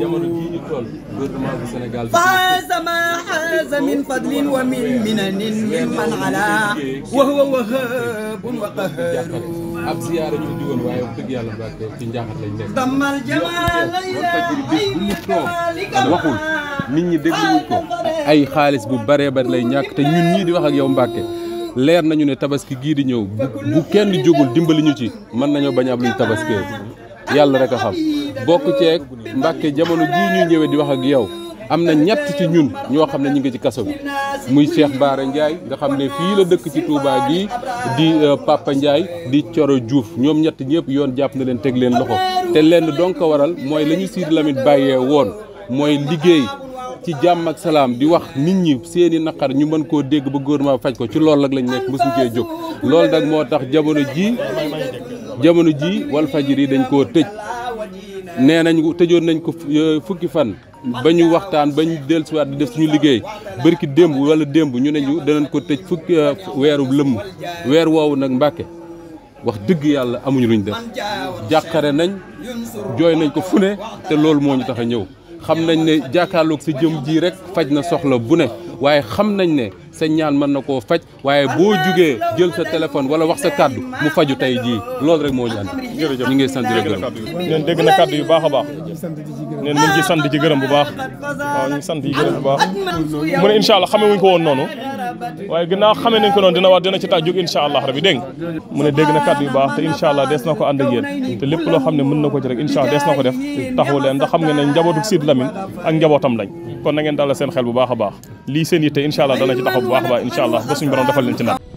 jamono jii ñu toll gouvernement bu yàlla ci njaaxat lañ nekk waxul nit ñi dégluwuñ ay xaalis bu baree bari lay ñàkk te ñun ñii di wax ak yow Mbàkke leer nañu ne tabaski gii di ñëw bu kenn jógul dimbali ñu ci mën nañoo bañ a am luñ yàlla rekk a xam bokk ceeg Mbàkke jamono jii ñuy ñëwee di wax ak yow am na ñett ci ñun ñoo xam ne ñu ngi ci kaso bi muy Cheikh baare Ndiaye nga xam ne fii la dëkk ci Touba gii di euh, Papa Ndiaye di Coro Diouf ñoom ñett ñëpp yoon jàpp na leen teg leen loxo te lenn donc waral mooy lañu ñu lamit bàyyee woon mooy liggéey ci jàmm ak salaam di wax nit ñi seeni naqar ñu mën koo dégg ba gouvernement faj ko ci loolu nag lañu nekk mosuñ cee jóg loolu nag moo tax jamono ji jamono ji Walfadjri dañ koo tëj nee nañ tëjoon nañ ko euh, fukki fan ba ñu waxtaan ba ñu siwaat di def suñu liggéey bërki démb wala démb ñu nañu ñu ko tëj fukki euh, weeru lëmm weer woowu nag Mbàkke wax digg yàlla amuñu luñ def jàqare nañ jooy nañ ko fu ne te loolu moo ñu tax a ñëw xam nañ ne jàkkaarloog si jëm jii rek faj na soxla bu ne waaye xam nañ ne sa ñaan mën na koo faj waaye boo jugee jël sa téléphone wala wax sa kàddu mu faju tey jii lool rek moo ñu ànd jërëjëf ñu ngi sant di gërëm neen dégg na kàddu baax a baax neen mu ngi sant ci gërëm bu baax waaw ñu sant yi gërëm bu baax mu ne allah xamee wuñ ko woon noonu waaye ginnaaw xamee nañ ko noonu dina wax dina ci taaj jóg incha allah rabi dégg mu ne dégg na kàddu yu baax te incha allah dees na ko ànd ak yéen te lépp loo xam ne mën na ko ci rek incha allah dees na ko def taxawu leen ndax xam nga ne njabootu Sidy Lamine ak njabootam lañ kon na seen xel bu a baax lii seen yitte incha allah dana ci taxaw bu baax a baax incha allah ba suñu